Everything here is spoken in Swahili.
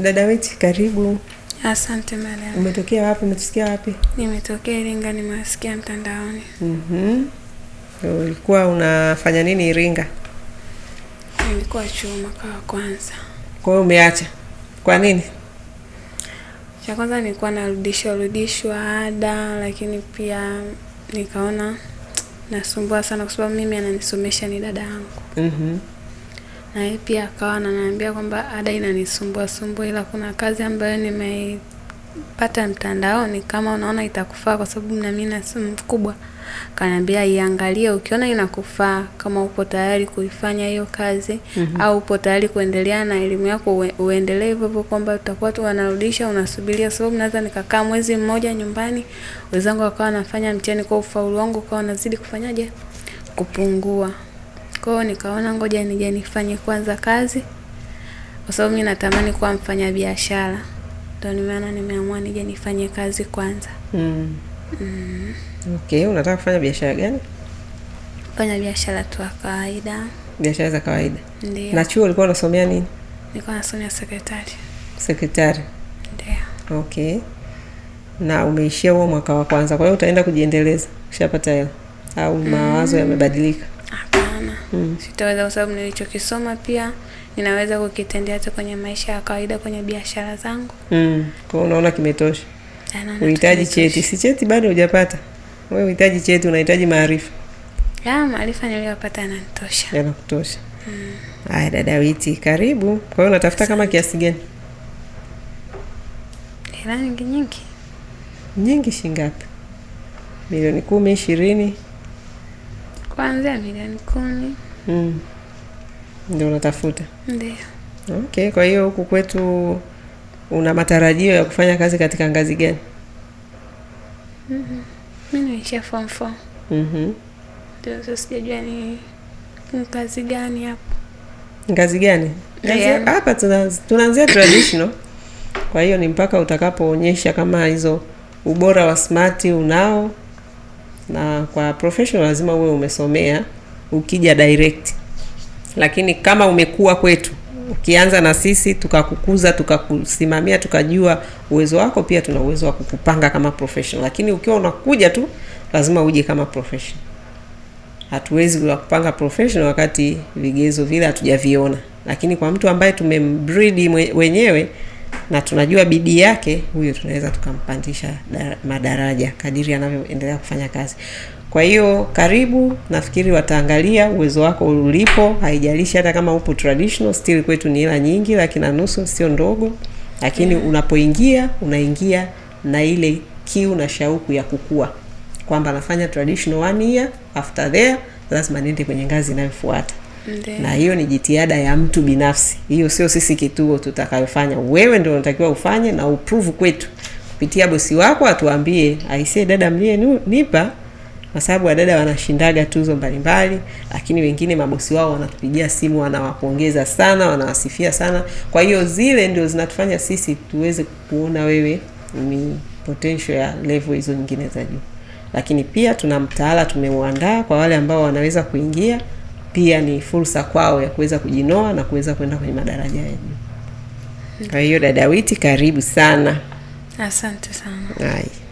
Dada Weti, karibu. Asante madam. Umetokea wapi? Umetusikia wapi? Nimetokea Iringa, nimewasikia mtandaoni. mm -hmm. Ulikuwa unafanya nini Iringa? Nilikuwa chuo mwaka wa kwanza. Kwa hiyo umeacha kwa nini? Cha kwanza nilikuwa narudishwa rudishwa ada, lakini pia nikaona nasumbua sana, kwa sababu mimi ananisomesha ni dada yangu. mm -hmm na yeye pia akawa ananiambia kwamba ada inanisumbua sumbua, ila kuna kazi ambayo nimeipata mtandaoni, kama unaona itakufaa, kwa sababu na mimi na simu kubwa, kaniambia iangalie, ukiona inakufaa, kama upo tayari kuifanya hiyo kazi mm -hmm. au upo tayari kuendelea na elimu yako, uendelee hivyo hivyo, kwamba utakuwa tu wanarudisha, unasubiria, sababu naweza nikakaa mwezi mmoja nyumbani, wenzangu wakawa wanafanya mtihani, kwa ufaulu wangu ukawa unazidi kufanyaje kupungua. Kwa hiyo nikaona ngoja nije nifanye kwanza kazi, kwa sababu mimi natamani kuwa mfanyabiashara. Ndio maana nimeamua nije nifanye kazi kwanza. Mm. Mm. Okay, unataka kufanya biashara gani? Fanya biashara tu ya kawaida. Biashara za kawaida. Ndio. Na chuo ulikuwa unasomea nini? Nilikuwa nasomea sekretari. Sekretari. Ndio. Okay. Na umeishia huo mwaka wa kwanza, kwa hiyo utaenda kujiendeleza. Ushapata hela au mawazo mm. yamebadilika? mm. sitaweza kwa sababu nilichokisoma pia ninaweza kukitendea hata kwenye maisha ya kawaida, kwenye biashara zangu mm. Kwa unaona kimetosha, uhitaji cheti. Si cheti bado hujapata wewe, uhitaji cheti, unahitaji maarifa. Maarifa niliyopata yanatosha, yanakutosha. Mm. Haya mm. Dada Witi, karibu. Kwa hiyo unatafuta kama kiasi gani? Hela nyingi nyingi nyingi, Milioni kumi, ishirini? kuanzia milioni kumi. Mm. Ndio unatafuta? Ndio. Okay, kwa hiyo huku kwetu una matarajio ya kufanya kazi katika ngazi gani? Mm -hmm. Mimi nimeishia form 4. Mhm. Ndio sasa sijajua ni kazi gani hapo. Ngazi gani? Hapa tunaanzia traditional. Kwa hiyo ni mpaka utakapoonyesha kama hizo ubora wa smati unao na kwa professional lazima uwe umesomea ukija direct, lakini kama umekuwa kwetu ukianza na sisi tukakukuza tukakusimamia tukajua uwezo wako, pia tuna uwezo wa kukupanga kama professional. Lakini ukiwa unakuja tu lazima uje kama professional. Hatuwezi kupanga professional wakati vigezo vile hatujaviona, lakini kwa mtu ambaye tumembridi wenyewe na tunajua bidii yake, huyo tunaweza tukampandisha madaraja kadiri anavyoendelea kufanya kazi. Kwa hiyo karibu, nafikiri wataangalia uwezo wako ulipo, haijalishi hata kama upo traditional, still kwetu ni hela nyingi, laki na nusu sio ndogo, lakini mm. unapoingia unaingia na ile kiu na shauku ya kukua, kwamba nafanya traditional one year, after there lazima niende kwenye ngazi inayofuata na hiyo ni jitihada ya mtu binafsi, hiyo sio sisi kituo tutakayofanya. Wewe ndio unatakiwa ufanye na uprove kwetu kupitia bosi wako, atuambie aisee, dada mlie nipa kwa sababu wadada wanashindaga tuzo mbalimbali, lakini wengine mabosi wao wanatupigia simu, wanawapongeza sana, wanawasifia sana. Kwa hiyo zile ndio zinatufanya sisi tuweze kuona wewe ni potential ya level hizo nyingine za juu, lakini pia tuna mtaala tumeuandaa kwa wale ambao wanaweza kuingia pia ni fursa kwao ya kuweza kujinoa na kuweza kwenda kwenye madaraja ya juu. Kwa hiyo dada Witi, karibu sana. Asante sana. Hai.